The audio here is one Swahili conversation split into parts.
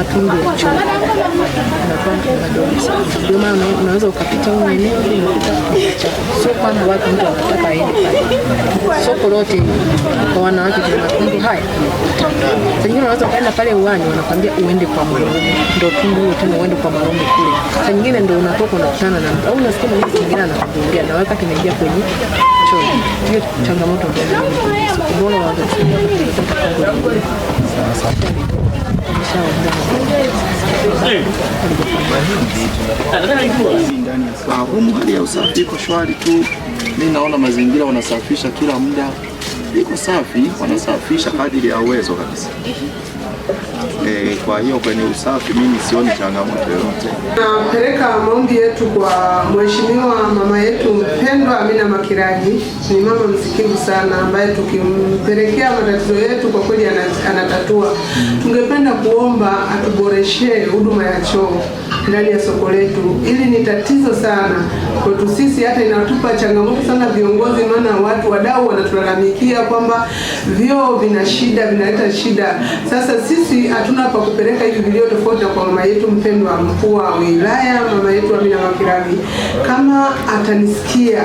matundu ya choo ndio maana unaweza ukapita huko eneo hili ukakuta sio kwamba watu ndio wanataka aende pale. Soko lote kwa wanawake kwa matundu haya. Sengine unaweza ukaenda pale uwani, wanakwambia uende kwa mwanaume, ndio tundu hilo tena, uende kwa mwanaume kule. Saa nyingine ndio unatoka unakutana na mtu au unasikia mwingine mwingine anakuongea na wakati kimeingia kwenye choo. Hiyo changamoto ndio bora wa humu hali ya usafi iko shwari tu. mi naona mazingira wanasafisha kila muda, iko safi, wanasafisha kadiri ya uwezo kabisa. Kwa hiyo kwenye usafi mimi sioni changamoto yoyote. Napeleka maombi yetu kwa mheshimiwa mama yetu mpendwa Amina Makiragi. Ni mama msikivu sana ambaye tukimpelekea matatizo yetu kwa kweli anatatua. Tungependa kuomba atuboreshee huduma ya choo ndani ya soko letu. Hili ni tatizo sana kwetu sisi, hata inatupa changamoto sana viongozi, maana watu wadau wanatulalamikia kwamba vyoo vina shida, vinaleta shida. Sasa sisi hatuna pa kupeleka hivi vilio tofauti kwa mama yetu mpendwa, mkuu wa wilaya, mama yetu Amina Makirabi, kama atanisikia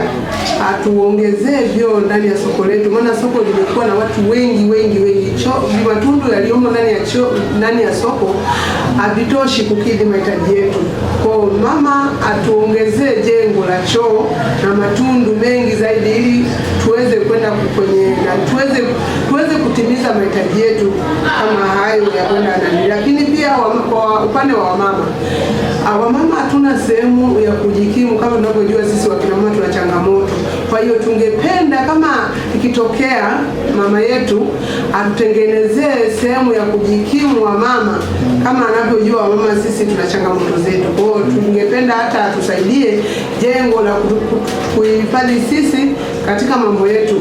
atuongezee vyoo ndani ya soko letu, maana soko limekuwa na watu wengi wengi wengi. Matundu yaliyomo ndani ya cho, ndani ya soko havitoshi kukidhi mahitaji yetu. Kwa mama atuongezee jengo la choo na matundu mengi zaidi, ili tuweze kwenda kwenye tuweze kukidha mahitaji yetu kama hayo ya kwenda nani. Lakini pia kwa upande wa wamama, ah, wamama hatuna sehemu ya kujikimu. Kama tunavyojua sisi wakina mama tuna changamoto, kwa hiyo tungependa kama ikitokea mama yetu atutengenezee sehemu ya kujikimu wamama, kama anavyojua wamama sisi tuna changamoto zetu. Kwa hiyo tungependa hata atusaidie jengo la kuhifadhi sisi katika mambo yetu.